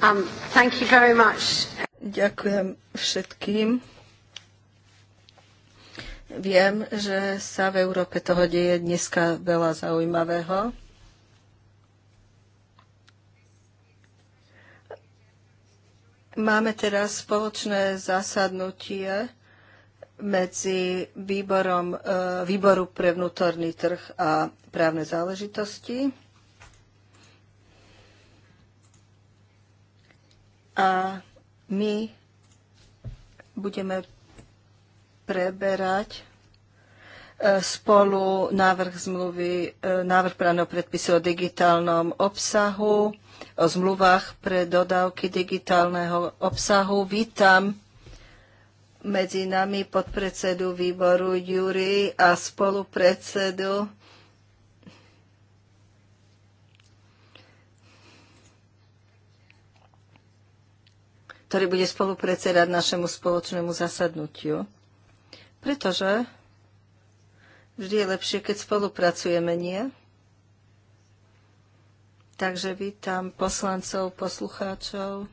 Um, thank you very much. Ďakujem všetkým. Viem, že sa v Európe toho deje dneska veľa zaujímavého. Máme teraz spoločné zasadnutie medzi výborom, eh, výboru pre vnútorný trh a právne záležitosti. A my budeme preberať e, spolu návrh zmluvy, e, návrh právneho predpisu o digitálnom obsahu, o zmluvách pre dodávky digitálneho obsahu. Vítam medzi nami podpredsedu výboru Júri a spolupredsedu ktorý bude spolupredsedať našemu spoločnému zasadnutiu. Pretože vždy je lepšie, keď spolupracujeme, nie? Takže vítam poslancov, poslucháčov.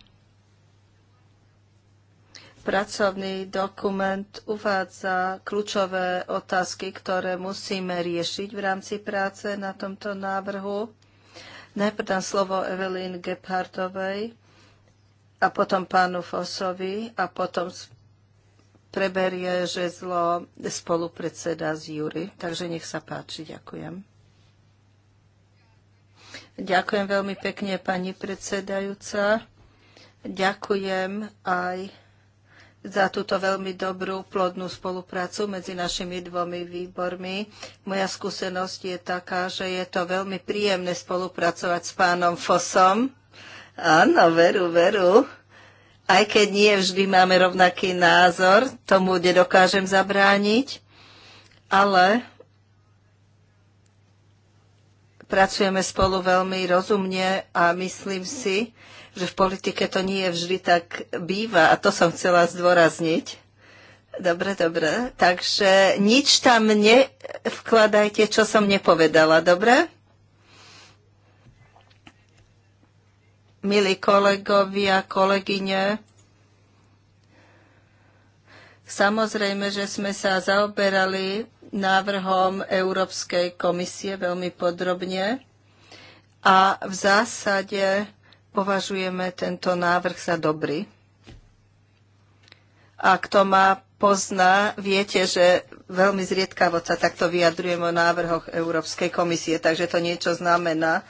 Pracovný dokument uvádza kľúčové otázky, ktoré musíme riešiť v rámci práce na tomto návrhu. Najprv dám slovo Evelyn Gebhardovej, a potom pánu Fosovi a potom preberie žezlo spolupredseda z Jury. Takže nech sa páči, ďakujem. Ďakujem veľmi pekne, pani predsedajúca. Ďakujem aj za túto veľmi dobrú, plodnú spoluprácu medzi našimi dvomi výbormi. Moja skúsenosť je taká, že je to veľmi príjemné spolupracovať s pánom Fosom Áno, veru, veru. Aj keď nie vždy máme rovnaký názor, tomu nedokážem zabrániť, ale pracujeme spolu veľmi rozumne a myslím si, že v politike to nie vždy tak býva a to som chcela zdôrazniť. Dobre, dobre. Takže nič tam nevkladajte, čo som nepovedala, dobre? milí kolegovia, kolegyne, Samozrejme, že sme sa zaoberali návrhom Európskej komisie veľmi podrobne a v zásade považujeme tento návrh za dobrý. A kto ma pozná, viete, že veľmi zriedkavo sa takto vyjadrujem o návrhoch Európskej komisie, takže to niečo znamená.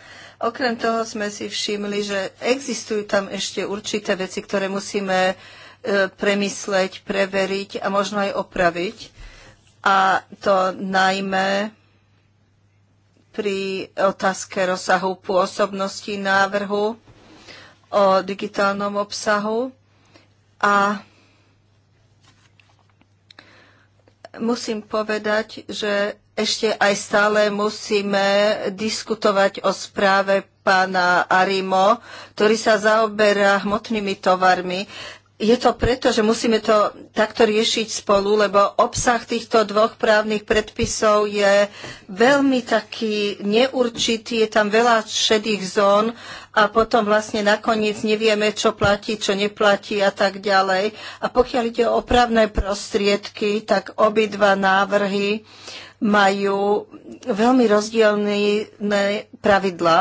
Okrem toho sme si všimli, že existujú tam ešte určité veci, ktoré musíme e, premysleť, preveriť a možno aj opraviť. A to najmä pri otázke rozsahu pôsobnosti návrhu o digitálnom obsahu a musím povedať, že ešte aj stále musíme diskutovať o správe pána Arimo, ktorý sa zaoberá hmotnými tovarmi je to preto, že musíme to takto riešiť spolu, lebo obsah týchto dvoch právnych predpisov je veľmi taký neurčitý, je tam veľa šedých zón a potom vlastne nakoniec nevieme, čo platí, čo neplatí a tak ďalej. A pokiaľ ide o právne prostriedky, tak obidva návrhy majú veľmi rozdielne pravidlá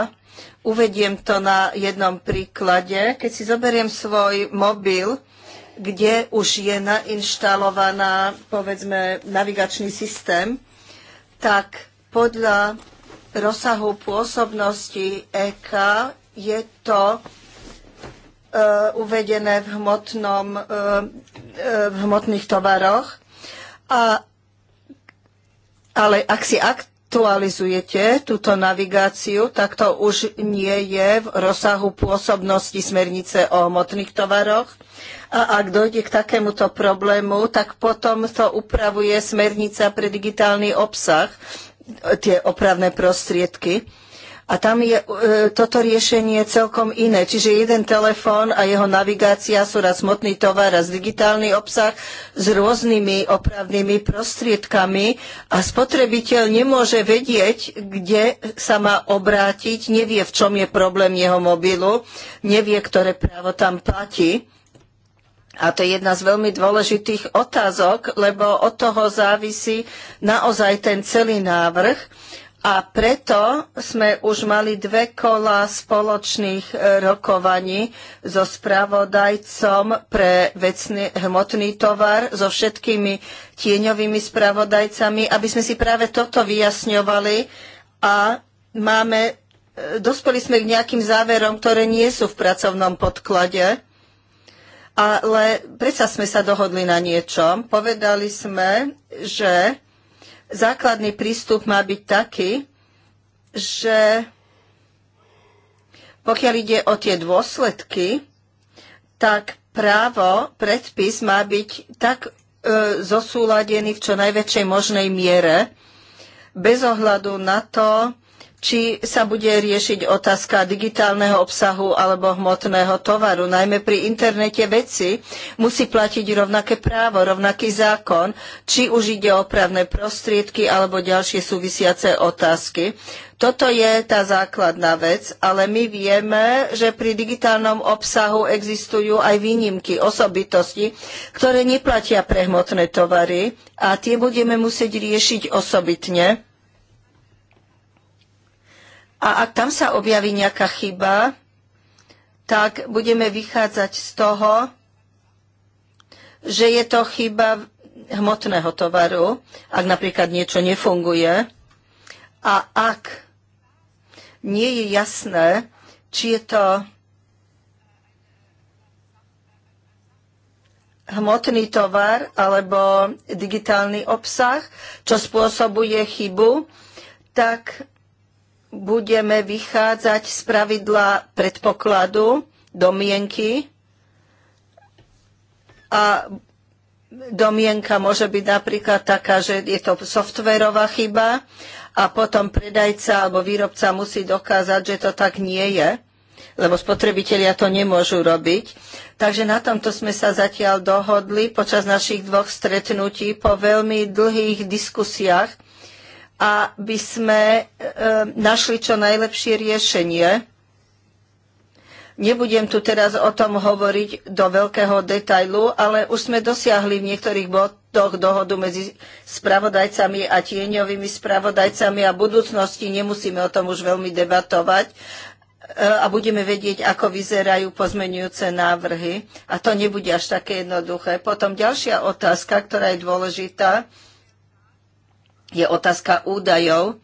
Uvediem to na jednom príklade. Keď si zoberiem svoj mobil, kde už je nainštalovaná, povedzme, navigačný systém, tak podľa rozsahu pôsobnosti EK je to e, uvedené v, hmotnom, e, e, v hmotných tovaroch. A, ale ak si ak, aktualizujete túto navigáciu, tak to už nie je v rozsahu pôsobnosti smernice o hmotných tovaroch. A ak dojde k takémuto problému, tak potom to upravuje smernica pre digitálny obsah, tie opravné prostriedky. A tam je e, toto riešenie celkom iné. Čiže jeden telefón a jeho navigácia sú raz smotný tovar, raz digitálny obsah s rôznymi opravnými prostriedkami a spotrebiteľ nemôže vedieť, kde sa má obrátiť, nevie, v čom je problém jeho mobilu, nevie, ktoré právo tam platí. A to je jedna z veľmi dôležitých otázok, lebo od toho závisí naozaj ten celý návrh a preto sme už mali dve kola spoločných e, rokovaní so spravodajcom pre vecný, hmotný tovar, so všetkými tieňovými spravodajcami, aby sme si práve toto vyjasňovali a máme, e, dospeli sme k nejakým záverom, ktoré nie sú v pracovnom podklade. Ale predsa sme sa dohodli na niečom. Povedali sme, že základný prístup má byť taký, že pokiaľ ide o tie dôsledky, tak právo, predpis má byť tak e, zosúladený v čo najväčšej možnej miere, bez ohľadu na to, či sa bude riešiť otázka digitálneho obsahu alebo hmotného tovaru. Najmä pri internete veci musí platiť rovnaké právo, rovnaký zákon, či už ide o právne prostriedky alebo ďalšie súvisiace otázky. Toto je tá základná vec, ale my vieme, že pri digitálnom obsahu existujú aj výnimky, osobitosti, ktoré neplatia pre hmotné tovary a tie budeme musieť riešiť osobitne a ak tam sa objaví nejaká chyba, tak budeme vychádzať z toho, že je to chyba hmotného tovaru, ak napríklad niečo nefunguje. A ak nie je jasné, či je to hmotný tovar alebo digitálny obsah, čo spôsobuje chybu, tak budeme vychádzať z pravidla predpokladu, domienky a domienka môže byť napríklad taká, že je to softverová chyba a potom predajca alebo výrobca musí dokázať, že to tak nie je, lebo spotrebitelia to nemôžu robiť. Takže na tomto sme sa zatiaľ dohodli počas našich dvoch stretnutí po veľmi dlhých diskusiách aby sme e, našli čo najlepšie riešenie. Nebudem tu teraz o tom hovoriť do veľkého detailu, ale už sme dosiahli v niektorých bodoch dohodu medzi spravodajcami a tieňovými spravodajcami a v budúcnosti nemusíme o tom už veľmi debatovať e, a budeme vedieť, ako vyzerajú pozmenujúce návrhy. A to nebude až také jednoduché. Potom ďalšia otázka, ktorá je dôležitá, je otázka údajov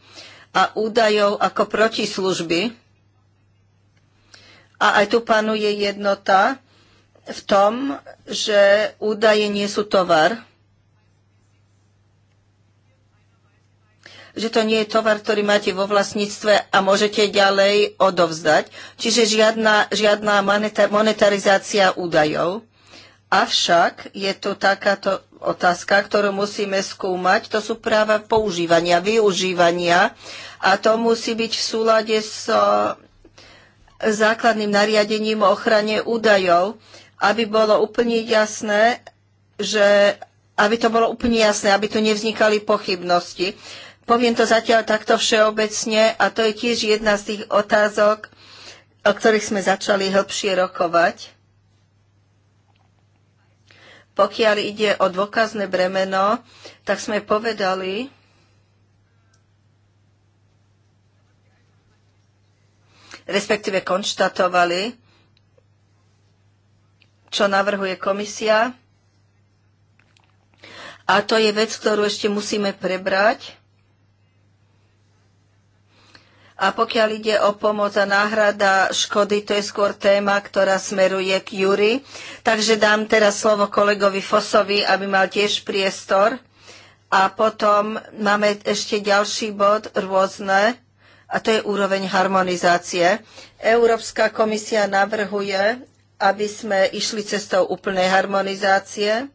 a údajov ako protislužby. A aj tu panuje jednota v tom, že údaje nie sú tovar. Že to nie je tovar, ktorý máte vo vlastníctve a môžete ďalej odovzdať. Čiže žiadna, žiadna monetarizácia údajov. Avšak je to takáto otázka, ktorú musíme skúmať. To sú práva používania, využívania a to musí byť v súlade s základným nariadením o ochrane údajov, aby bolo úplne jasné, že aby to bolo úplne jasné, aby tu nevznikali pochybnosti. Poviem to zatiaľ takto všeobecne a to je tiež jedna z tých otázok, o ktorých sme začali hĺbšie rokovať pokiaľ ide o dôkazné bremeno, tak sme povedali, respektíve konštatovali, čo navrhuje komisia. A to je vec, ktorú ešte musíme prebrať. A pokiaľ ide o pomoc a náhrada škody, to je skôr téma, ktorá smeruje k Juri. Takže dám teraz slovo kolegovi Fosovi, aby mal tiež priestor. A potom máme ešte ďalší bod, rôzne, a to je úroveň harmonizácie. Európska komisia navrhuje, aby sme išli cestou úplnej harmonizácie.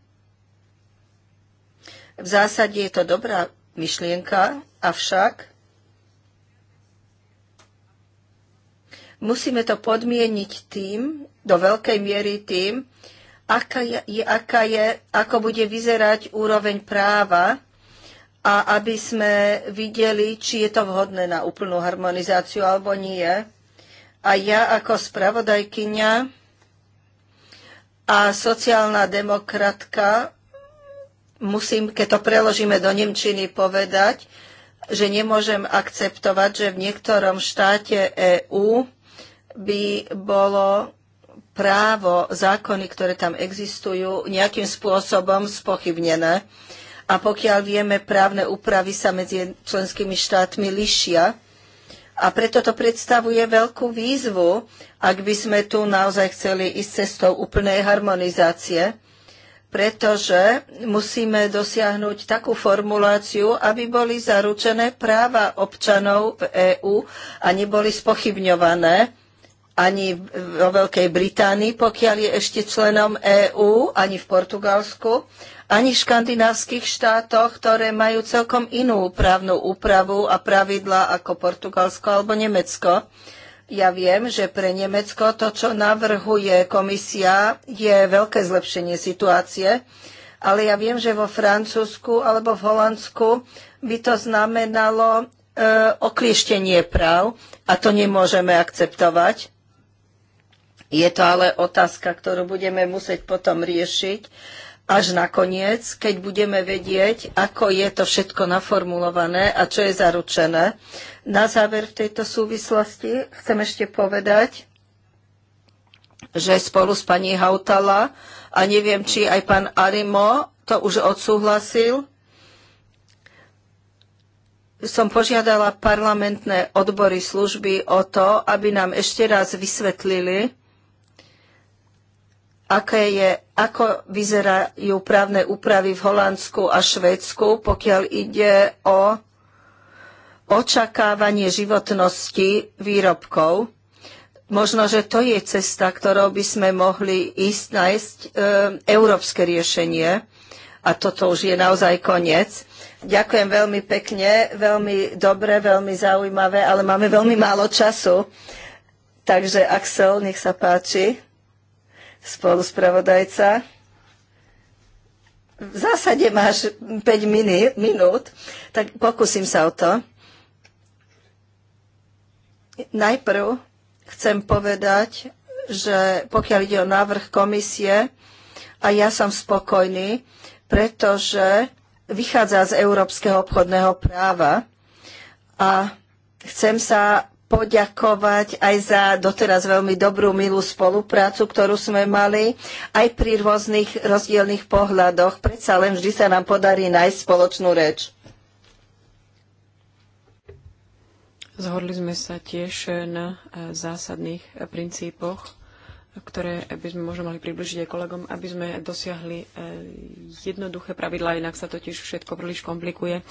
V zásade je to dobrá myšlienka, avšak Musíme to podmieniť tým, do veľkej miery tým, aká je, aká je, ako bude vyzerať úroveň práva a aby sme videli, či je to vhodné na úplnú harmonizáciu alebo nie. A ja ako spravodajkyňa a sociálna demokratka musím, keď to preložíme do Nemčiny, povedať, že nemôžem akceptovať, že v niektorom štáte EÚ by bolo právo, zákony, ktoré tam existujú, nejakým spôsobom spochybnené. A pokiaľ vieme, právne úpravy sa medzi členskými štátmi lišia. A preto to predstavuje veľkú výzvu, ak by sme tu naozaj chceli ísť cestou úplnej harmonizácie, pretože musíme dosiahnuť takú formuláciu, aby boli zaručené práva občanov v EÚ a neboli spochybňované ani vo Veľkej Británii, pokiaľ je ešte členom EÚ, ani v Portugalsku, ani v škandinávskych štátoch, ktoré majú celkom inú právnu úpravu a pravidla ako Portugalsko alebo Nemecko. Ja viem, že pre Nemecko to, čo navrhuje komisia, je veľké zlepšenie situácie, ale ja viem, že vo Francúzsku alebo v Holandsku by to znamenalo e, oklieštenie práv a to nemôžeme akceptovať. Je to ale otázka, ktorú budeme musieť potom riešiť až nakoniec, keď budeme vedieť, ako je to všetko naformulované a čo je zaručené. Na záver v tejto súvislosti chcem ešte povedať, že spolu s pani Hautala a neviem, či aj pán Arimo to už odsúhlasil, som požiadala parlamentné odbory služby o to, aby nám ešte raz vysvetlili, aké je, ako vyzerajú právne úpravy v Holandsku a Švédsku, pokiaľ ide o očakávanie životnosti výrobkov. Možno, že to je cesta, ktorou by sme mohli ísť nájsť e, európske riešenie. A toto už je naozaj koniec. Ďakujem veľmi pekne, veľmi dobre, veľmi zaujímavé, ale máme veľmi málo času. Takže Axel, nech sa páči spoluspravodajca. V zásade máš 5 minút, tak pokúsim sa o to. Najprv chcem povedať, že pokiaľ ide o návrh komisie, a ja som spokojný, pretože vychádza z európskeho obchodného práva a chcem sa poďakovať aj za doteraz veľmi dobrú, milú spoluprácu, ktorú sme mali, aj pri rôznych rozdielných pohľadoch. Predsa len vždy sa nám podarí nájsť spoločnú reč. Zhodli sme sa tiež na e, zásadných e, princípoch, ktoré by sme možno mali približiť aj kolegom, aby sme dosiahli e, jednoduché pravidla, inak sa totiž všetko príliš komplikuje.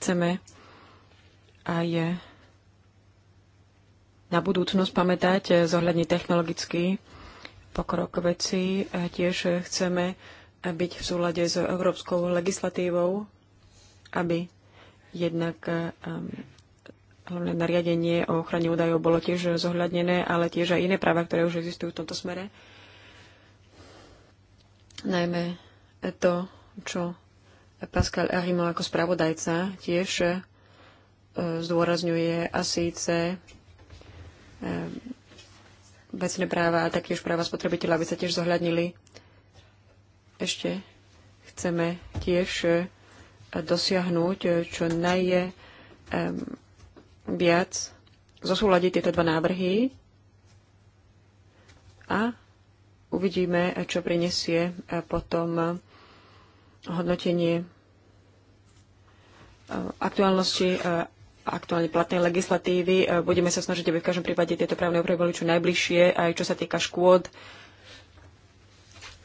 Chceme aj na budúcnosť pamätať, eh, zohľadne technologický pokrok veci. A tiež eh, chceme eh, byť v súlade s európskou legislatívou, aby jednak hlavné nariadenie o ochrane údajov bolo tiež zohľadnené, ale tiež aj iné práva, ktoré už existujú v tomto smere. Najmä to, čo Pascal Arimo ako spravodajca tiež zdôrazňuje a síce Ehm, vecné práva a taktiež práva spotrebiteľa, aby sa tiež zohľadnili. Ešte chceme tiež e, dosiahnuť e, čo ehm, viac zosúľadiť tieto dva návrhy a uvidíme, e, čo prinesie potom hodnotenie aktuálnosti aktuálne platnej legislatívy. E, Budeme sa snažiť, aby v každom prípade tieto právne úpravy boli čo najbližšie, aj čo sa týka škôd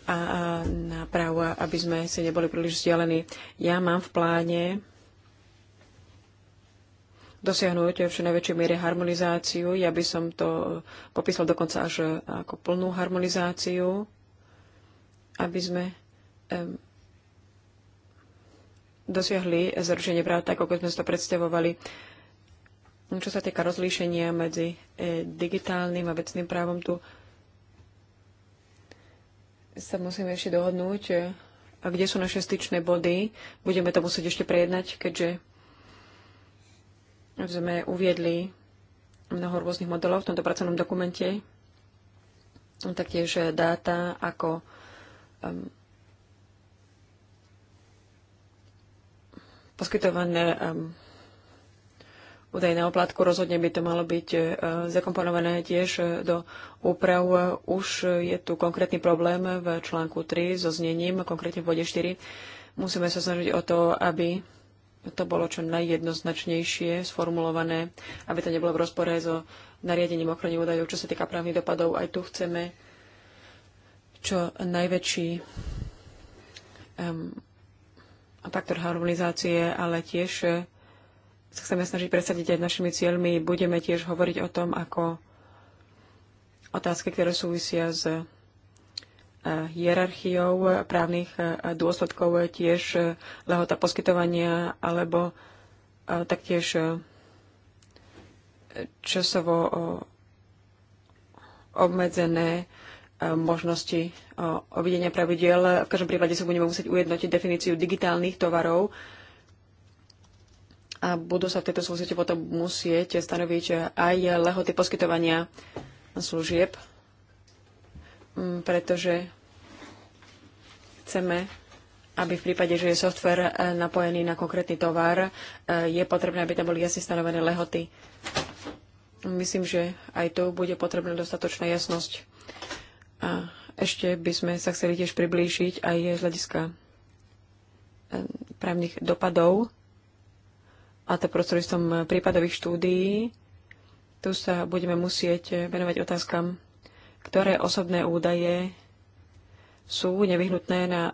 a náprav, aby sme si neboli príliš vzdialení. Ja mám v pláne dosiahnuť v čo najväčšej miere harmonizáciu. Ja by som to popísal dokonca až e, ako plnú harmonizáciu, aby sme um, dosiahli zrušenie práv tak, ako sme si to predstavovali. Čo sa týka rozlíšenia medzi e, digitálnym a vecným právom, tu sa musíme ešte dohodnúť, e, a kde sú naše styčné body. Budeme to musieť ešte prejednať, keďže sme uviedli mnoho rôznych modelov v tomto pracovnom dokumente. Taktiež e, dáta ako poskytované údajného platku. Rozhodne by to malo byť e, zakomponované tiež e, do úprav. Už je tu konkrétny problém v článku 3 so znením, konkrétne v bode 4. Musíme sa snažiť o to, aby to bolo čo najjednoznačnejšie sformulované, aby to nebolo v rozpore so nariadením ochrany údajov, čo sa týka právnych dopadov. Aj tu chceme čo najväčší um, faktor harmonizácie, ale tiež sa chceme snažiť presadiť aj našimi cieľmi. Budeme tiež hovoriť o tom, ako otázky, ktoré súvisia s eh, hierarchiou právnych eh, dôsledkov, eh, tiež lehota poskytovania alebo taktiež časovo obmedzené možnosti ovidenia pravidiel. V každom prípade sa budeme musieť ujednotiť definíciu digitálnych tovarov, a budú sa v tejto súvislosti potom musieť stanoviť aj lehoty poskytovania služieb, mm, pretože chceme, aby v prípade, že je software eh, napojený na konkrétny tovar, eh, je potrebné, aby tam boli jasne stanovené lehoty. Myslím, že aj tu bude potrebná dostatočná jasnosť. A ešte by sme sa chceli tiež priblížiť aj z hľadiska eh, právnych dopadov a to prostredstvom prípadových štúdií. Tu sa budeme musieť venovať otázkam, ktoré osobné údaje sú nevyhnutné na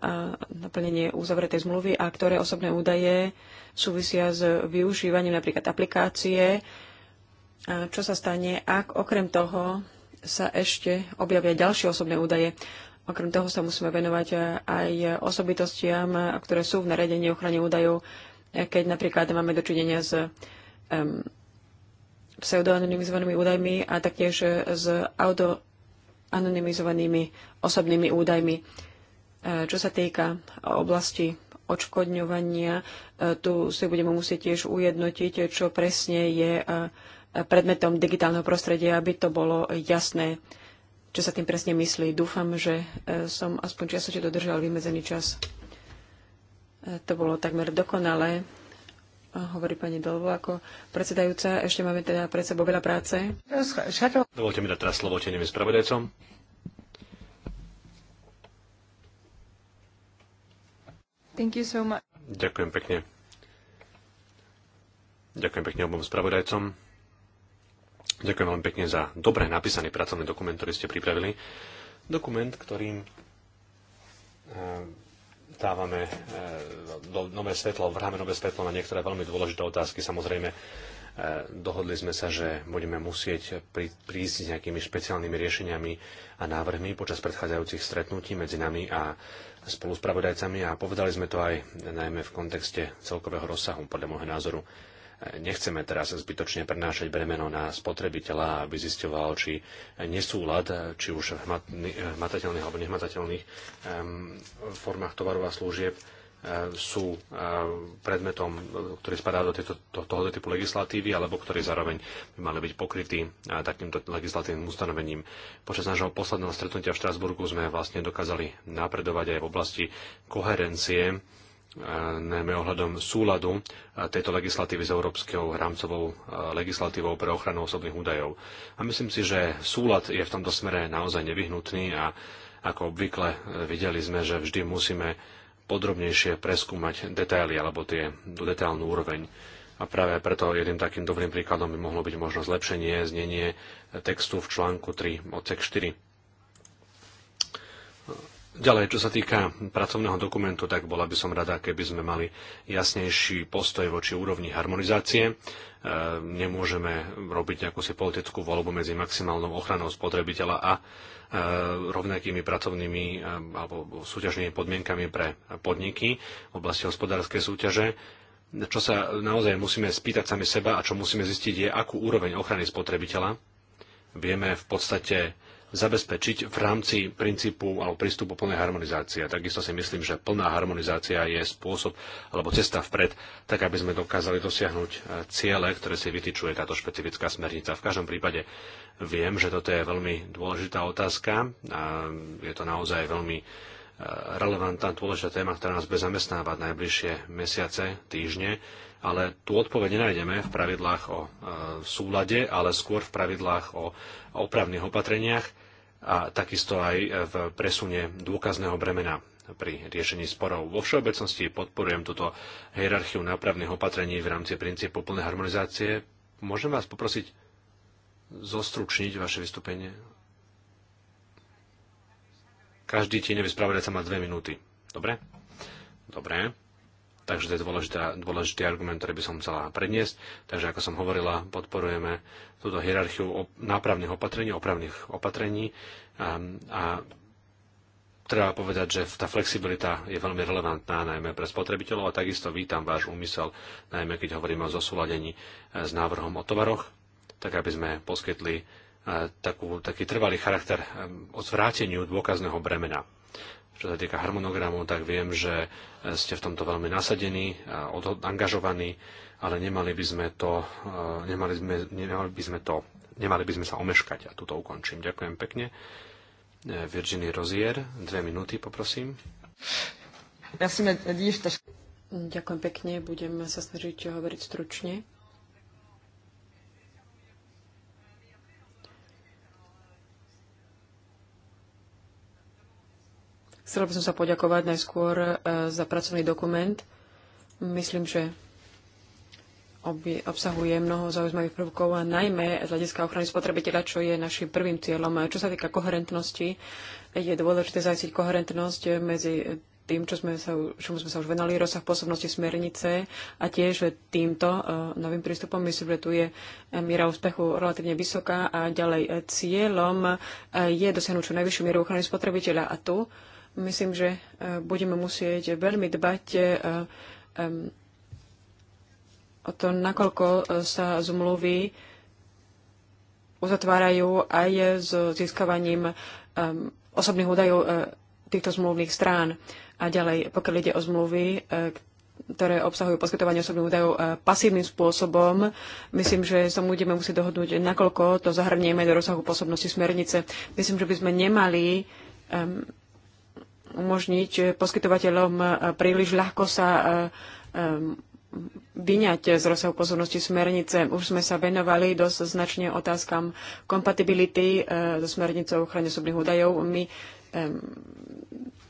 naplnenie uzavretej zmluvy a ktoré osobné údaje súvisia s využívaním napríklad aplikácie. A čo sa stane, ak okrem toho sa ešte objavia ďalšie osobné údaje? Okrem toho sa musíme venovať aj osobitostiam, ktoré sú v naredení ochrane údajov keď napríklad máme dočinenia s um, pseudoanonymizovanými údajmi a taktiež s autoanonymizovanými osobnými údajmi. E, čo sa týka oblasti odškodňovania, e, tu si budeme musieť tiež ujednotiť, čo presne je e, predmetom digitálneho prostredia, aby to bolo jasné, čo sa tým presne myslí. Dúfam, že som aspoň čiastočne dodržal vymedzený čas. To bolo takmer dokonalé, hovorí pani Dolvo ako predsedajúca. Ešte máme teda pred sebou veľa práce. Dovolte mi dať teraz slovo teným spravodajcom. Thank you so much. Ďakujem pekne. Ďakujem pekne obom spravodajcom. Ďakujem veľmi pekne za dobre napísaný pracovný dokument, ktorý ste pripravili. Dokument, ktorým eh, dávame e, do, nové svetlo, vrháme nové svetlo na niektoré veľmi dôležité otázky. Samozrejme, e, dohodli sme sa, že budeme musieť prísť s nejakými špeciálnymi riešeniami a návrhmi počas predchádzajúcich stretnutí medzi nami a spoluspravodajcami a povedali sme to aj najmä v kontexte celkového rozsahu, podľa môjho názoru nechceme teraz zbytočne prenášať bremeno na spotrebiteľa, aby zisťoval, či nesúlad, či už v eh, hmatateľných alebo nehmatateľných formách tovarov a služieb eh, sú eh, predmetom, ktorý spadá do, tejto, do tohoto typu legislatívy, alebo ktorý zároveň by mali byť pokrytý takýmto legislatívnym ustanovením. Počas nášho posledného stretnutia v Štrasburgu sme vlastne dokázali napredovať aj v oblasti koherencie E, najmä ohľadom súladu e, tejto legislatívy s európskou rámcovou e, legislatívou pre ochranu osobných údajov. A myslím si, že súlad je v tomto smere naozaj nevyhnutný a ako obvykle videli sme, že vždy musíme podrobnejšie preskúmať detaily alebo tie detailnú úroveň. A práve preto jedným takým dobrým príkladom by mohlo byť možno zlepšenie, znenie textu v článku 3 odsek 4 Ďalej, čo sa týka pracovného dokumentu, tak bola by som rada, keby sme mali jasnejší postoj voči úrovni harmonizácie. E, nemôžeme robiť nejakú si politickú voľbu medzi maximálnou ochranou spotrebiteľa a e, rovnakými pracovnými e, alebo súťažnými podmienkami pre podniky v oblasti hospodárskej súťaže čo sa naozaj musíme spýtať sami seba a čo musíme zistiť je, akú úroveň ochrany spotrebiteľa vieme v podstate zabezpečiť v rámci princípu alebo prístupu plnej harmonizácie. Takisto si myslím, že plná harmonizácia je spôsob alebo cesta vpred, tak aby sme dokázali dosiahnuť e, ciele, ktoré si vytýčuje táto špecifická smernica. V každom prípade viem, že toto je veľmi dôležitá otázka a je to naozaj veľmi relevantná, dôležitá téma, ktorá nás bude zamestnávať najbližšie mesiace, týždne, ale tú odpoveď nenájdeme v pravidlách o e, súlade, ale skôr v pravidlách o opravných opatreniach a takisto aj v presune dôkazného bremena pri riešení sporov. Vo všeobecnosti podporujem túto hierarchiu nápravných opatrení v rámci princípu plnej harmonizácie. Môžem vás poprosiť zostručniť vaše vystúpenie? Každý tieňový sa má dve minúty. Dobre? Dobre. Takže to je dôležitá, dôležitý argument, ktorý by som chcela predniesť. Takže ako som hovorila, podporujeme túto hierarchiu op- nápravných opatrení, opravných opatrení a, a treba povedať, že tá flexibilita je veľmi relevantná najmä pre spotrebiteľov a takisto vítam váš úmysel, najmä keď hovoríme o zosúladení e, s návrhom o tovaroch, tak aby sme poskytli takú, taký trvalý charakter eh, o zvráteniu dôkazného bremena. Čo sa týka harmonogramu, tak viem, že eh, ste v tomto veľmi nasadení a angažovaní, ale nemali by sme to, eh, nemali, sme, nemali by sme to, nemali by sme sa omeškať a tuto ukončím. Ďakujem pekne. Virginie Rozier, dve minúty poprosím. Ďakujem pekne, budem sa snažiť hovoriť stručne. Chcela by som sa poďakovať najskôr e, za pracovný dokument. Myslím, že obsahuje mnoho zaujímavých prvkov a najmä z hľadiska ochrany spotrebiteľa, čo je našim prvým cieľom. Čo sa týka koherentnosti, je dôležité zajistiť koherentnosť medzi tým, čo sme sa, čomu sme sa už venali, rozsah pôsobnosti smernice a tiež týmto e, novým prístupom myslím, že tu je e, miera úspechu relatívne vysoká a ďalej cieľom je dosiahnuť čo najvyššiu mieru ochrany spotrebiteľa a tu Myslím, že eh, budeme musieť veľmi dbať eh, eh, o to, nakoľko sa zmluvy uzatvárajú aj s získavaním osobných údajov týchto zmluvných strán. A ďalej, pokiaľ ide o zmluvy, ktoré obsahujú poskytovanie osobných údajov pasívnym spôsobom. Myslím, že sa budeme musieť dohodnúť, nakoľko to zahrnieme do rozsahu pôsobnosti smernice. Myslím, že by sme nemali um, umožniť eh, poskytovateľom eh, príliš ľahko sa eh, vyňať z rozsahu pozornosti smernice. Už sme sa venovali dosť značne otázkam kompatibility so smernicou ochrany osobných údajov. My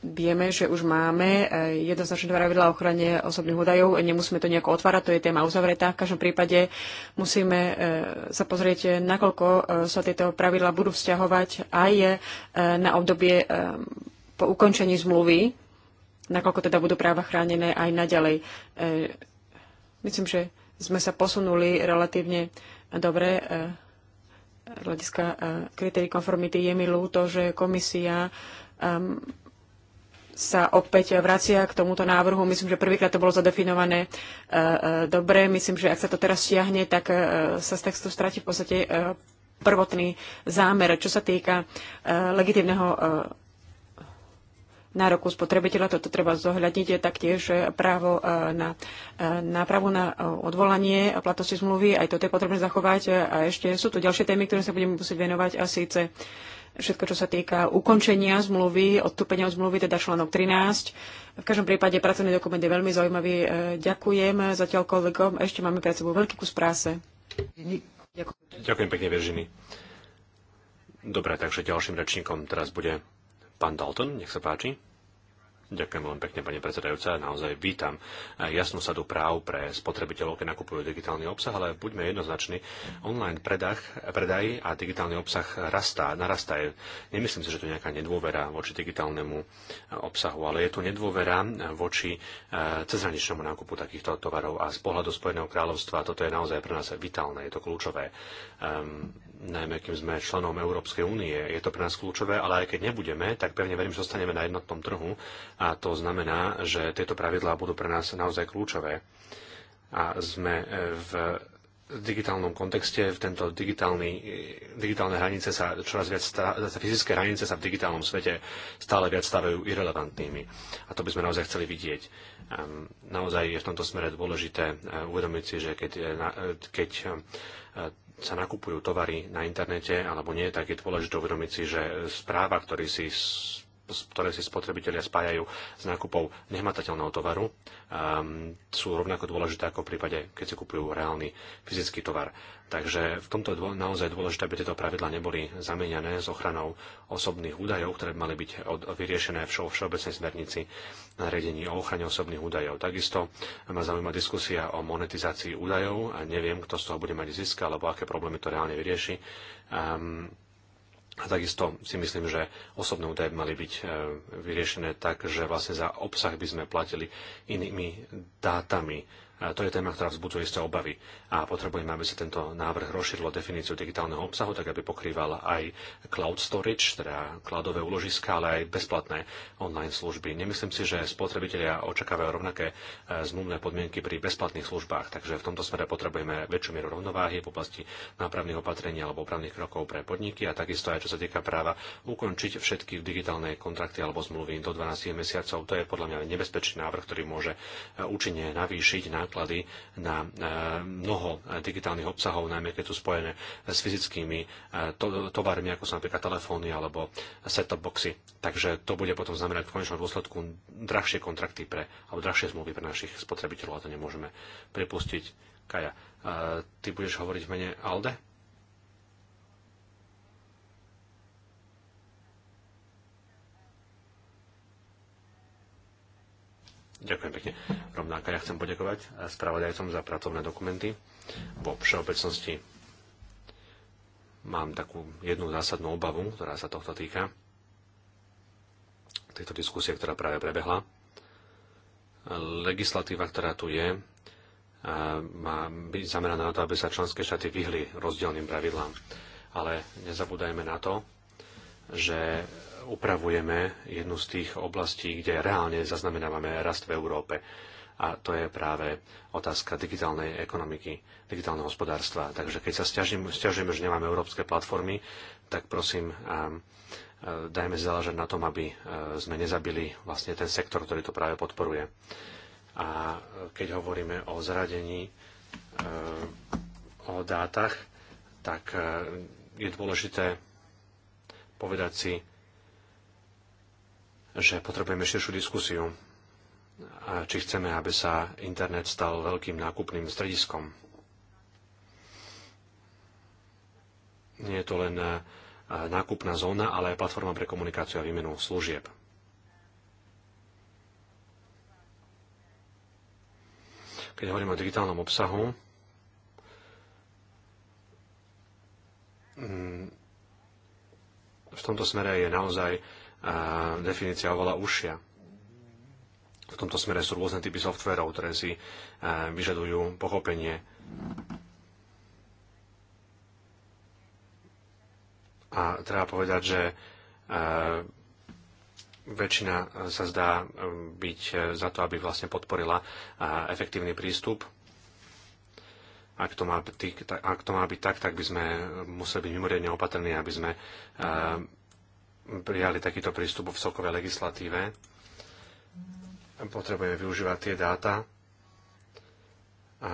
vieme, že už máme jednoznačné pravidla o ochrane osobných údajov. Nemusíme to nejako otvárať, to je téma uzavretá. V každom prípade musíme sa pozrieť, nakoľko sa tieto pravidla budú vzťahovať aj na obdobie po ukončení zmluvy, nakoľko teda budú práva chránené aj naďalej. E, myslím, že sme sa posunuli relatívne dobre e, z hľadiska e, kritérií konformity. Je mi ľúto, že komisia sa opäť vracia k tomuto návrhu. Myslím, že prvýkrát to bolo zadefinované dobre. Myslím, že ak sa to teraz stiahne, tak sa z textu stráti v podstate prvotný zámer. Čo sa týka legitímneho nároku spotrebiteľa. Toto treba zohľadniť. Je taktiež e, právo e, na, e, na právo na odvolanie a zmluvy. Aj toto je potrebné zachovať. A ešte sú tu ďalšie témy, ktoré sa budeme musieť venovať a síce všetko, čo sa týka ukončenia zmluvy, odstúpenia od zmluvy, teda článok 13. V každom prípade pracovný dokument je veľmi zaujímavý. Ďakujem zatiaľ kolegom. Ešte máme pred sebou veľký kus práce. Ďakujem. Ďakujem pekne, Viržiny. Dobre, takže ďalším rečníkom teraz bude pán Dalton. Nech sa páči. Ďakujem veľmi pekne, pani predsedajúca. Naozaj vítam jasnú sadu práv pre spotrebiteľov, keď nakupujú digitálny obsah, ale buďme jednoznační. Online predaj, predaj a digitálny obsah rastá, narastá. Nemyslím si, že to je nejaká nedôvera voči digitálnemu obsahu, ale je tu nedôvera voči eh, cezhraničnému nákupu takýchto tovarov a z pohľadu Spojeného kráľovstva toto je naozaj pre nás vitálne, je to kľúčové. Um, najmä kým sme členom Európskej únie. Je to pre nás kľúčové, ale aj keď nebudeme, tak pevne verím, že zostaneme na jednotnom trhu a to znamená, že tieto pravidlá budú pre nás naozaj kľúčové. A sme v digitálnom kontexte, v tento digitálny, digitálne hranice sa čoraz viac, teda fyzické hranice sa v digitálnom svete stále viac stavajú irrelevantnými. A to by sme naozaj chceli vidieť. Ehm, naozaj je v tomto smere dôležité eh, uvedomiť si, že keď, eh, keď eh, sa nakupujú tovary na internete alebo nie, tak je dôležité uvedomiť si, že správa, ktorý si ktoré si spotrebitelia spájajú s nákupou nehmatateľného tovaru, ehm, sú rovnako dôležité ako v prípade, keď si kupujú reálny fyzický tovar. Takže v tomto je naozaj dôležité, aby tieto pravidla neboli zamenené s ochranou osobných údajov, ktoré by mali byť od, vyriešené v všeobecnej smernici nariadení o ochrane osobných údajov. Takisto ma zaujíma diskusia o monetizácii údajov a neviem, kto z toho bude mať zisk alebo aké problémy to reálne vyrieši. Um, a takisto si myslím, že osobné údaje mali byť e, vyriešené tak, že vlastne za obsah by sme platili inými dátami to je téma, ktorá vzbudzuje isté obavy a potrebujeme, aby sa tento návrh rozšíril definíciu digitálneho obsahu, tak aby pokrýval aj cloud storage, teda cloudové úložiska, ale aj bezplatné online služby. Nemyslím si, že spotrebitelia očakávajú rovnaké e, zmluvné podmienky pri bezplatných službách, takže v tomto smere potrebujeme väčšiu mieru rovnováhy v oblasti nápravných opatrení alebo opravných krokov pre podniky a takisto aj čo sa týka práva ukončiť všetky digitálne kontrakty alebo zmluvy do 12 mesiacov. To je podľa mňa nebezpečný návrh, ktorý môže e, účinne navýšiť na náklady na e, mnoho digitálnych obsahov, najmä keď sú spojené s fyzickými e, tovarmi, ako sú napríklad telefóny alebo set-top boxy. Takže to bude potom znamenať v konečnom dôsledku drahšie kontrakty pre, alebo drahšie zmluvy pre našich spotrebiteľov a to nemôžeme pripustiť. Kaja, e, ty budeš hovoriť v mene Alde? Ďakujem pekne. Rovnako ja chcem poďakovať spravodajcom za pracovné dokumenty. Vo všeobecnosti mám takú jednu zásadnú obavu, ktorá sa tohto týka, tejto diskusie, ktorá práve prebehla. Legislatíva, ktorá tu je, má byť zameraná na to, aby sa členské štáty vyhli rozdielným pravidlám. Ale nezabúdajme na to, že upravujeme jednu z tých oblastí, kde reálne zaznamenávame rast v Európe. A to je práve otázka digitálnej ekonomiky, digitálneho hospodárstva. Takže keď sa stiažujeme, že nemáme európske platformy, tak prosím, um, uh, dajme záležať na tom, aby uh, sme nezabili vlastne ten sektor, ktorý to práve podporuje. A uh, keď hovoríme o zradení, o dátach, tak je dôležité povedať si, že potrebujeme širšiu diskusiu, a či chceme, aby sa internet stal veľkým nákupným strediskom. Nie je to len eh, nákupná zóna, ale aj platforma pre komunikáciu a výmenu služieb. Keď hovorím o digitálnom obsahu, mm, v tomto smere je naozaj e, definícia oveľa užšia. V tomto smere sú rôzne typy softverov, ktoré si e, vyžadujú pochopenie A treba povedať, že e, väčšina sa zdá byť za to, aby vlastne podporila efektívny prístup ak to, má byť, ak to má byť tak, tak by sme museli byť mimoriadne opatrní, aby sme eh, prijali takýto prístup v sokovej legislatíve. Potrebujeme využívať tie dáta, eh,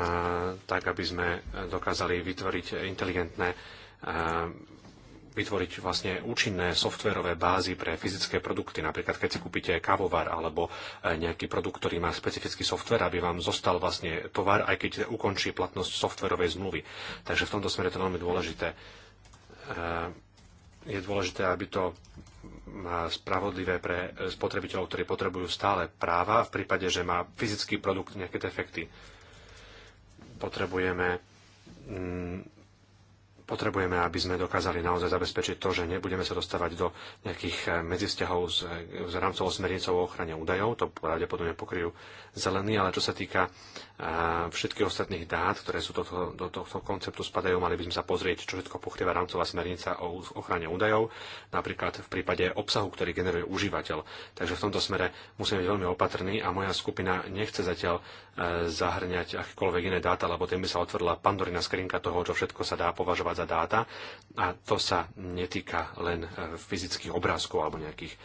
tak aby sme dokázali vytvoriť inteligentné eh, vytvoriť vlastne účinné softverové bázy pre fyzické produkty. Napríklad, keď si kúpite kávovar alebo e, nejaký produkt, ktorý má specifický softver, aby vám zostal vlastne tovar, aj keď ukončí platnosť softverovej zmluvy. Takže v tomto smere to je veľmi dôležité. E, je dôležité, aby to má spravodlivé pre e, spotrebiteľov, ktorí potrebujú stále práva v prípade, že má fyzický produkt nejaké defekty. Potrebujeme potrebujeme, aby sme dokázali naozaj zabezpečiť to, že nebudeme sa dostávať do nejakých eh, medzisťahov s, eh, s rámcovou smernicou o ochrane údajov, to pravdepodobne pokryjú zelení, ale čo sa týka všetkých ostatných dát, ktoré sú tohto, do tohto konceptu spadajú, mali by sme sa pozrieť, čo všetko pokrýva rámcová smernica o ochrane údajov, napríklad v prípade obsahu, ktorý generuje užívateľ. Takže v tomto smere musíme byť veľmi opatrní a moja skupina nechce zatiaľ e, zahrňať akékoľvek iné dáta, lebo tým by sa otvorila pandorina skrinka toho, čo všetko sa dá považovať za dáta a to sa netýka len e, fyzických obrázkov alebo nejakých e,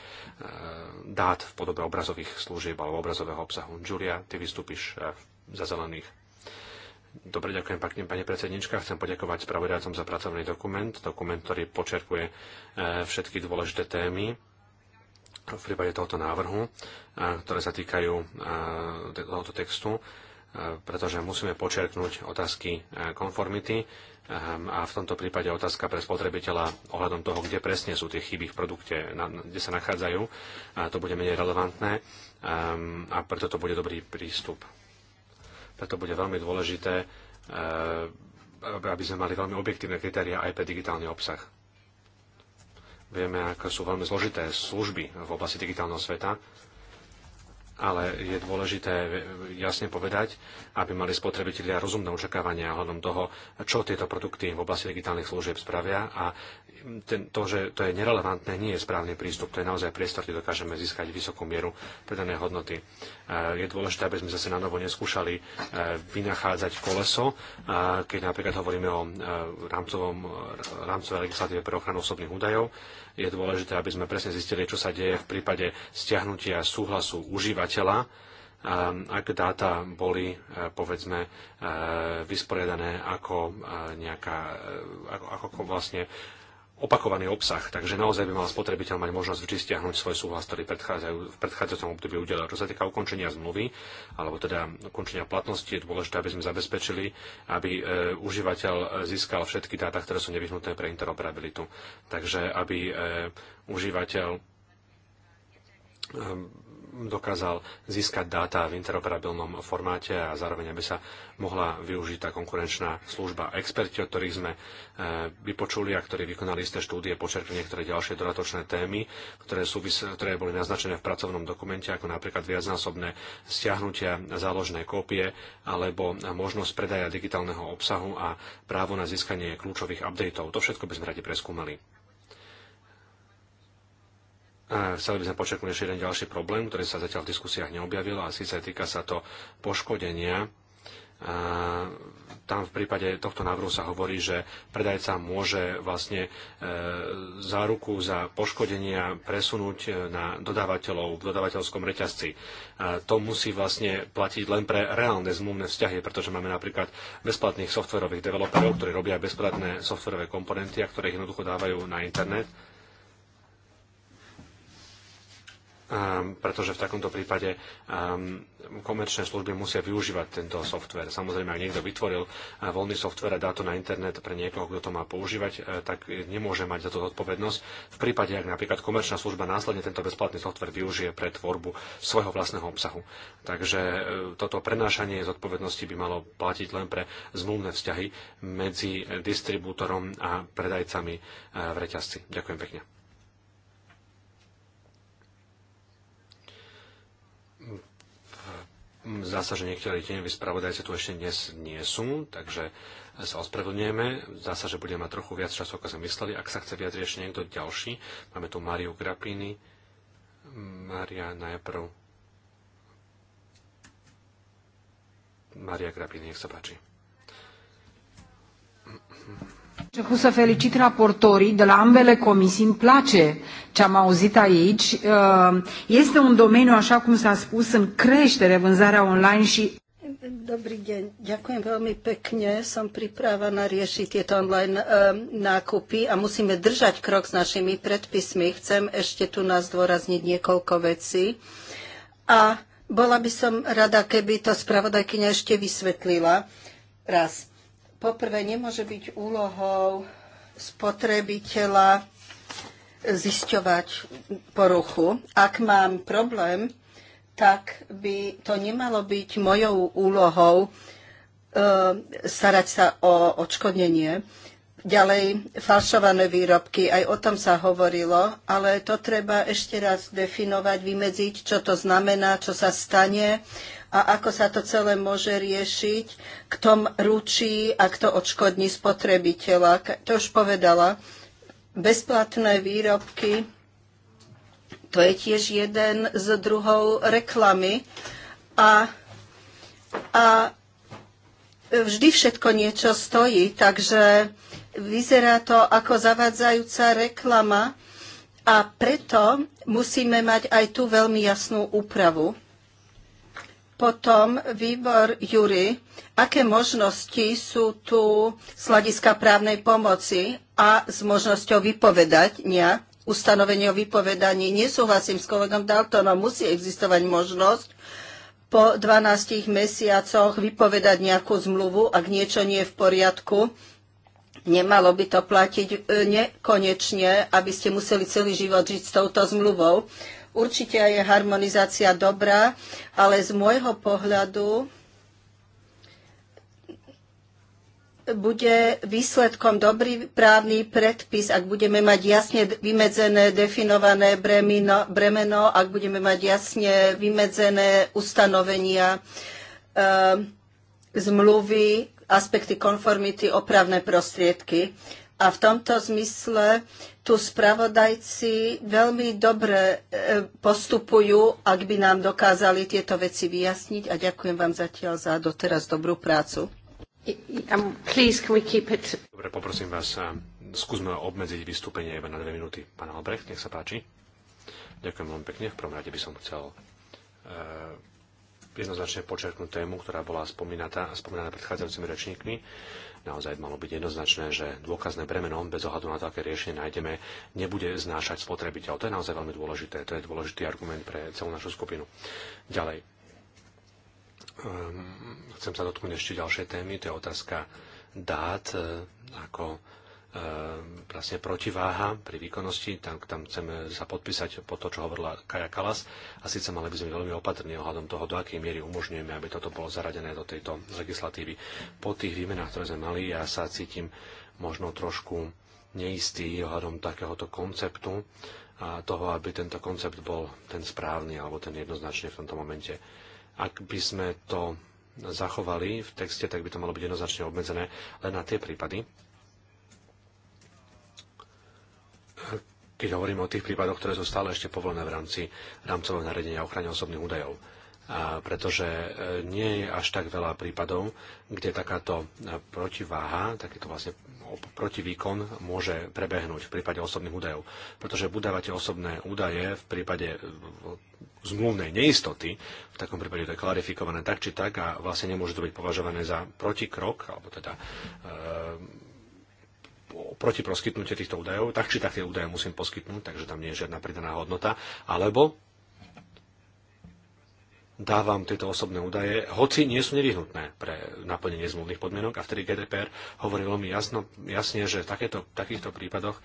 dát v podobe obrazových služieb alebo obrazového obsahu. Julia, ty vystúpiš za zelených. Dobre, ďakujem pekne, pani predsednička. Chcem poďakovať spravodajcom za pracovný dokument, dokument, ktorý počerkuje e, všetky dôležité témy v prípade tohoto návrhu, e, ktoré sa týkajú e, tohoto textu, pretože musíme počerknúť otázky konformity a v tomto prípade otázka pre spotrebiteľa ohľadom toho, kde presne sú tie chyby v produkte, kde sa nachádzajú, to bude menej relevantné a preto to bude dobrý prístup. Preto bude veľmi dôležité, e, aby sme mali veľmi objektívne kritéria aj pre digitálny obsah. Vieme, ako sú veľmi zložité služby v oblasti digitálneho sveta, ale je dôležité jasne povedať, aby mali spotrebitelia rozumné očakávania ohľadom toho, čo tieto produkty v oblasti digitálnych služieb spravia a ten, to, že to je nerelevantné, nie je správny prístup. To je naozaj priestor, kde dokážeme získať vysokú mieru predanej hodnoty. E, je dôležité, aby sme zase na novo neskúšali e, vynachádzať koleso, e, keď napríklad hovoríme o rámcovom, rámcovej legislatíve pre ochranu osobných údajov. Je dôležité, aby sme presne zistili, čo sa deje v prípade stiahnutia súhlasu užívateľa ak dáta boli, povedzme, vysporiadané ako nejaká, ako, ako vlastne opakovaný obsah, takže naozaj by mal spotrebiteľ mať možnosť vždy stiahnuť svoj súhlas, ktorý v predchádzajúcom období udelal. Čo sa týka ukončenia zmluvy, alebo teda ukončenia platnosti, je dôležité, aby sme zabezpečili, aby e, užívateľ získal všetky dáta, ktoré sú nevyhnutné pre interoperabilitu. Takže aby e, užívateľ dokázal získať dáta v interoperabilnom formáte a zároveň, aby sa mohla využiť tá konkurenčná služba. Experti, od ktorých sme eh, vypočuli a ktorí vykonali isté štúdie, počerpili niektoré ďalšie dodatočné témy, ktoré, sú, ktoré boli naznačené v pracovnom dokumente, ako napríklad viacnásobné stiahnutia záložné kópie alebo možnosť predaja digitálneho obsahu a právo na získanie kľúčových updateov. To všetko by sme radi preskúmali. Chceli by sme počerknúť ešte jeden ďalší problém, ktorý sa zatiaľ v diskusiách neobjavil a síce týka sa to poškodenia tam v prípade tohto návrhu sa hovorí, že predajca môže vlastne e, záruku za poškodenia presunúť e, na dodávateľov v dodávateľskom reťazci. To musí vlastne platiť len pre reálne zmluvné vzťahy, pretože máme napríklad bezplatných softverových developerov, ktorí robia bezplatné softverové komponenty a ktoré jednoducho dávajú na internet Ehm, pretože v takomto prípade ehm, komerčné služby musia využívať tento software. Samozrejme, ak niekto vytvoril eh, voľný software a dá to na internet pre niekoho, kto to má používať, eh, tak nemôže mať za to zodpovednosť. V prípade, ak napríklad komerčná služba následne tento bezplatný software využije pre tvorbu svojho vlastného obsahu. Takže eh, toto prenášanie zodpovednosti by malo platiť len pre zmluvné vzťahy medzi distribútorom a predajcami v reťazci. Ďakujem pekne. Zdá sa, že niektorí tieňoví spravodajci tu ešte dnes nie sú, takže sa ospravedlňujeme. Zdá sa, že budeme mať trochu viac času, ako sme mysleli. Ak sa chce vyjadriť ešte niekto ďalší, máme tu Mariu Grapini. Maria najprv. Maria Grapini, nech sa páči. Început să felicit raportorii de la ambele comisii. Îmi place ce am auzit aici. Uh, este un domeniu, așa cum s-a spus, în creștere vânzarea online și Dobrý deň, ďakujem veľmi pekne. Som pripravená riešiť tieto online e, nákupy a musíme držať krok s našimi predpismi. Chcem ešte tu nás zdôrazniť niekoľko vecí. A bola by som rada, keby to spravodajkyňa ešte vysvetlila raz. Poprvé, nemôže byť úlohou spotrebiteľa zisťovať poruchu. Ak mám problém, tak by to nemalo byť mojou úlohou e, starať sa o odškodnenie. Ďalej, falšované výrobky, aj o tom sa hovorilo, ale to treba ešte raz definovať, vymedziť, čo to znamená, čo sa stane, a ako sa to celé môže riešiť, kto ručí a kto odškodní spotrebiteľa. To už povedala. Bezplatné výrobky, to je tiež jeden z druhov reklamy. A, a vždy všetko niečo stojí, takže vyzerá to ako zavadzajúca reklama a preto musíme mať aj tú veľmi jasnú úpravu. Potom výbor Jury, aké možnosti sú tu z hľadiska právnej pomoci a s možnosťou vypovedať nie, ustanovenie o vypovedaní. Nesúhlasím s kolegom Daltonom, musí existovať možnosť po 12 mesiacoch vypovedať nejakú zmluvu, ak niečo nie je v poriadku. Nemalo by to platiť e, nekonečne, aby ste museli celý život žiť s touto zmluvou. Určite je harmonizácia dobrá, ale z môjho pohľadu bude výsledkom dobrý právny predpis, ak budeme mať jasne vymedzené, definované bremino, bremeno, ak budeme mať jasne vymedzené ustanovenia e, zmluvy, aspekty konformity, opravné prostriedky. A v tomto zmysle tu spravodajci veľmi dobre e, postupujú, ak by nám dokázali tieto veci vyjasniť. A ďakujem vám zatiaľ za doteraz dobrú prácu. Um, dobre, poprosím vás, skúsme obmedziť vystúpenie iba na dve minúty. Pán Albrecht, nech sa páči. Ďakujem veľmi pekne. V prvom rade by som chcel e, jednoznačne počerknúť tému, ktorá bola spomínaná, spomínaná predchádzajúcimi rečníkmi naozaj malo byť jednoznačné, že dôkazné bremeno bez ohľadu na to, aké riešenie nájdeme, nebude znášať spotrebiteľ. To je naozaj veľmi dôležité. To je dôležitý argument pre celú našu skupinu. Ďalej. Um, chcem sa dotknúť ešte ďalšej témy. To je otázka dát eh, ako Ehm, vlastne protiváha pri výkonnosti, tam, tam chceme sa podpísať po to, čo hovorila Kaja Kalas a síce mali by sme veľmi opatrní ohľadom toho, do akej miery umožňujeme, aby toto bolo zaradené do tejto legislatívy. Po tých výmenách, ktoré sme mali, ja sa cítim možno trošku neistý ohľadom takéhoto konceptu a toho, aby tento koncept bol ten správny alebo ten jednoznačný v tomto momente. Ak by sme to zachovali v texte, tak by to malo byť jednoznačne obmedzené len na tie prípady, keď hovoríme o tých prípadoch, ktoré sú stále ešte povolené v rámci rámcového nariadenia ochrany osobných údajov. A pretože e, nie je až tak veľa prípadov, kde takáto e, protiváha, takýto vlastne protivýkon môže prebehnúť v prípade osobných údajov. Pretože budávate osobné údaje v prípade e, zmluvnej neistoty, v takom prípade to je klarifikované tak či tak a vlastne nemôže to byť považované za protikrok, alebo teda e, proti proskytnutie týchto údajov, tak či tak tie údaje musím poskytnúť, takže tam nie je žiadna pridaná hodnota, alebo dávam tieto osobné údaje, hoci nie sú nevyhnutné pre naplnenie zmluvných podmienok. A vtedy GDPR hovorí veľmi jasno, jasne, že v takéto, v takýchto prípadoch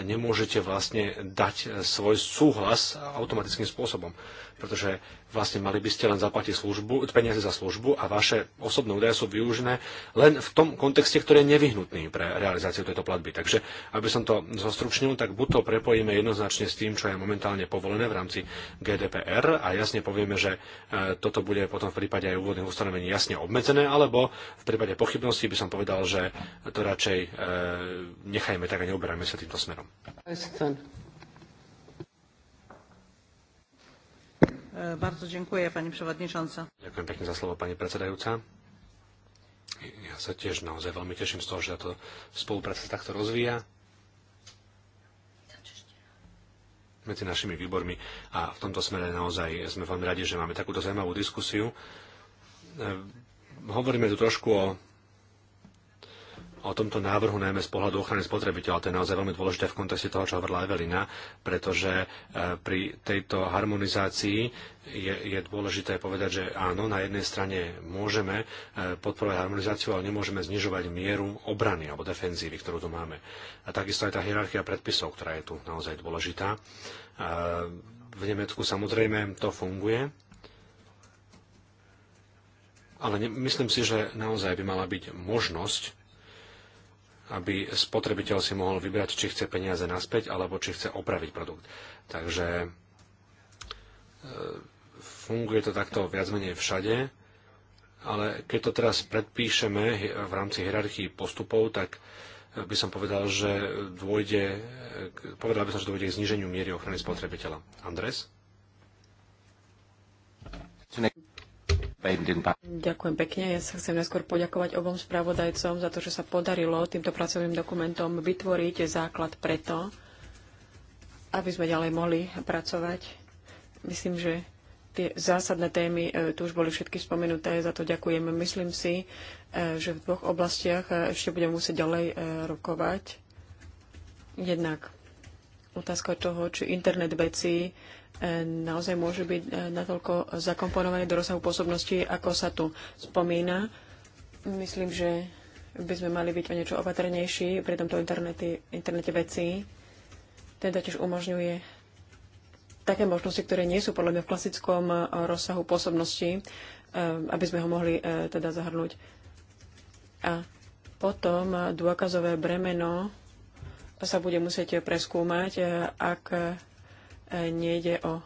nemôžete vlastne dať svoj súhlas automatickým spôsobom, pretože vlastne mali by ste len zaplatiť službu, peniaze za službu a vaše osobné údaje sú využené len v tom kontexte, ktorý je nevyhnutný pre realizáciu tejto platby. Takže aby som to zostručnil, tak buď to prepojíme jednoznačne s tým, čo je momentálne povolené v rámci GDPR a jasne povieme, že e, toto bude potom v prípade aj úvodných ustanovení jasne obmedzené, alebo v prípade pochybnosti by som povedal, že to radšej e, nechajme tak a neoberáme sa týmto smerom. E, bardzo dziękuję, pani przewodnicząca. Ďakujem pekne za slovo, pani predsedajúca. Ja sa tiež naozaj veľmi teším z toho, že táto spolupráca sa takto rozvíja medzi našimi výbormi a v tomto smere naozaj sme veľmi radi, že máme takúto zaujímavú diskusiu. E, hovoríme tu trošku o o tomto návrhu, najmä z pohľadu ochrany spotrebiteľa. To je naozaj veľmi dôležité v kontexte toho, čo hovorila Evelina, pretože e, pri tejto harmonizácii je, je dôležité povedať, že áno, na jednej strane môžeme e, podporovať harmonizáciu, ale nemôžeme znižovať mieru obrany alebo defenzívy, ktorú tu máme. A takisto aj tá hierarchia predpisov, ktorá je tu naozaj dôležitá. E, v Nemecku samozrejme to funguje, ale myslím si, že naozaj by mala byť možnosť aby spotrebiteľ si mohol vybrať, či chce peniaze naspäť, alebo či chce opraviť produkt. Takže e, funguje to takto viac menej všade, ale keď to teraz predpíšeme v rámci hierarchii postupov, tak by som povedal, že dôjde, povedal by som, že dôjde k zniženiu miery ochrany spotrebiteľa. Andres? Ďakujem pekne. Ja sa chcem najskôr poďakovať obom spravodajcom za to, že sa podarilo týmto pracovným dokumentom vytvoriť základ preto, aby sme ďalej mohli pracovať. Myslím, že tie zásadné témy e, tu už boli všetky spomenuté, za to ďakujem. Myslím si, e, že v dvoch oblastiach e, ešte budem musieť ďalej rokovať. Jednak otázka toho, či internet veci naozaj môžu byť eh, natoľko zakomponované do rozsahu pôsobnosti, ako sa tu spomína. Myslím, že by sme mali byť o niečo opatrnejší pri tomto internete, internete vecí. Teda tiež umožňuje také možnosti, ktoré nie sú podľa mňa v klasickom eh, rozsahu pôsobnosti, eh, aby sme ho mohli teda zahrnúť. A potom dôkazové bremeno sa bude musieť preskúmať, ak nejde o e,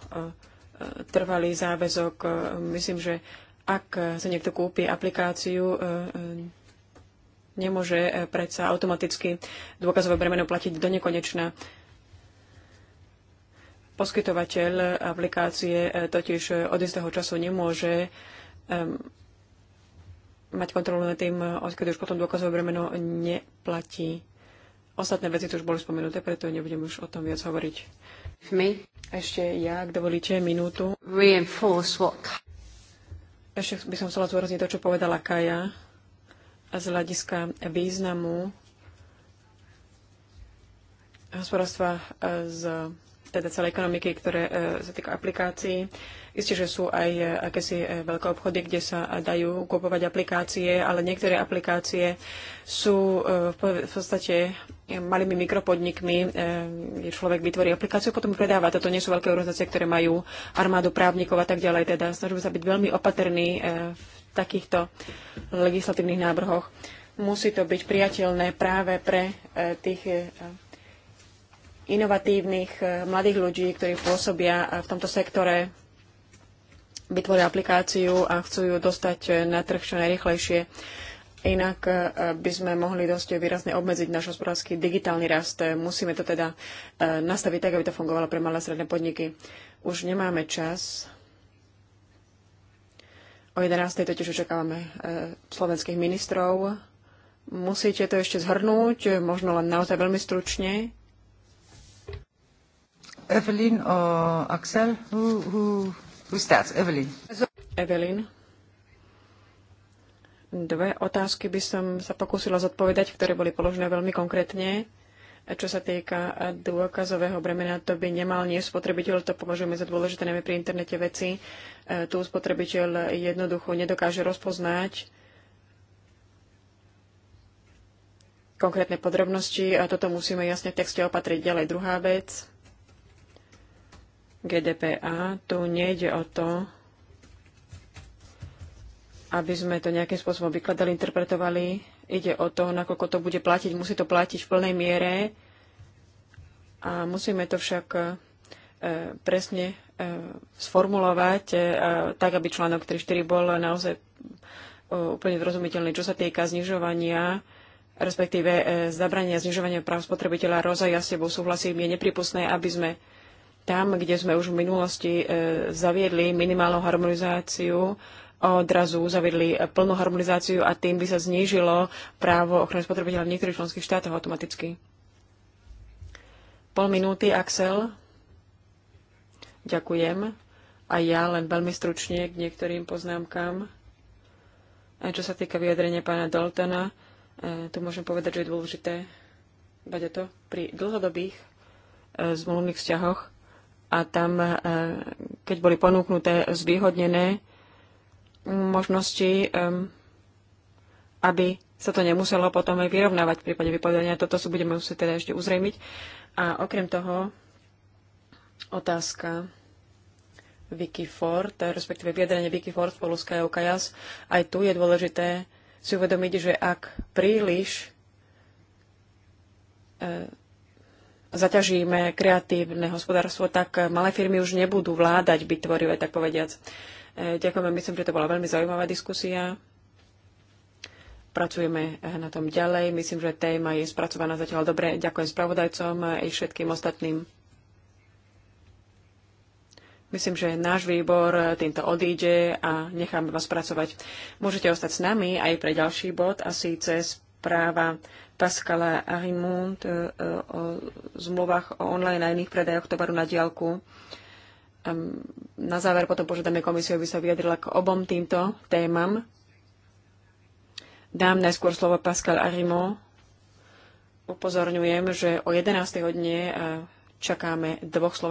trvalý záväzok. E, myslím, že ak sa niekto kúpi aplikáciu, e, nemôže predsa automaticky dôkazové bremeno platiť do nekonečna. Poskytovateľ aplikácie totiž od istého času nemôže mať kontrolu nad tým, odkedy už potom dôkazové bremeno neplatí. Ostatné veci tu už boli spomenuté, preto nebudem už o tom viac hovoriť. Me. Ešte ja, ak dovolíte, minútu. Reinforce what... Ešte by som chcela zúrazniť to, čo povedala Kaja a z hľadiska významu hospodárstva e, z teda celej ekonomiky, ktoré e, sa týka aplikácií. Isté, že sú aj e, akési e, veľké obchody, kde sa dajú kupovať aplikácie, ale niektoré aplikácie sú v podstate malými mikropodnikmi, kde človek vytvorí aplikáciu, potom predáva. Toto nie sú veľké organizácie, ktoré majú armádu právnikov a tak ďalej. Teda snažíme sa byť veľmi opatrní v takýchto legislatívnych návrhoch. Musí to byť priateľné práve pre tých inovatívnych eh, mladých ľudí, ktorí pôsobia eh, v tomto sektore, vytvoria aplikáciu a chcú ju dostať eh, na trh čo najrychlejšie. Inak by sme mohli dosť výrazne obmedziť náš hospodársky digitálny rast. Musíme to teda nastaviť tak, aby to fungovalo pre malé a stredné podniky. Už nemáme čas. O 11. totiž očakávame slovenských ministrov. Musíte to ešte zhrnúť, možno len naozaj veľmi stručne. Evelyn Dve otázky by som sa pokúsila zodpovedať, ktoré boli položené veľmi konkrétne. čo sa týka dôkazového bremena, to by nemal nie spotrebiteľ, to považujeme za dôležité najmä pri internete veci. E, tu spotrebiteľ jednoducho nedokáže rozpoznať konkrétne podrobnosti a toto musíme jasne v texte opatriť ďalej. Druhá vec, GDPA. Tu nejde o to, aby sme to nejakým spôsobom vykladali, interpretovali. Ide o to, nakoľko to bude platiť. Musí to platiť v plnej miere. A musíme to však e, presne e, sformulovať e, tak, aby článok 3.4 bol naozaj úplne zrozumiteľný, čo sa týka znižovania respektíve zabrania znižovania práv spotrebiteľa. Roza, ja s tebou súhlasím, je nepripustné, aby sme tam, kde sme už v minulosti e, zaviedli minimálnu harmonizáciu, odrazu zaviedli plnú harmonizáciu a tým by sa znížilo právo ochrany spotrebiteľa v niektorých členských štátoch automaticky. Pol minúty, Axel. Ďakujem. A ja len veľmi stručne k niektorým poznámkam. A čo sa týka vyjadrenia pána Daltona, e, tu môžem povedať, že je dôležité dať to pri dlhodobých e, zmluvných vzťahoch a tam, e, keď boli ponúknuté zvýhodnené možnosti, e, aby sa to nemuselo potom aj vyrovnávať v prípade vypovedania. Toto si budeme musieť teda ešte uzrejmiť. A okrem toho otázka Vicky Ford, respektíve vyjadrenie Vicky Ford spolu s Kajou Kajas. Aj tu je dôležité si uvedomiť, že ak príliš e, zaťažíme kreatívne hospodárstvo, tak malé firmy už nebudú vládať byť tvorivé, tak povediac. E, Ďakujeme, myslím, že to bola veľmi zaujímavá diskusia. Pracujeme e, na tom ďalej. Myslím, že téma je spracovaná zatiaľ dobre. Ďakujem spravodajcom a aj všetkým ostatným. Myslím, že náš výbor týmto odíde a necháme vás pracovať. Môžete ostať s nami aj pre ďalší bod a síce práva Pascala Arimont e, o zmluvách o online a iných predajoch tovaru na diálku. Na záver potom požiadame komisiu, aby sa vyjadrila k obom týmto témam. Dám najskôr slovo Pascal Arimo. Upozorňujem, že o 11. hodine čakáme dvoch slov.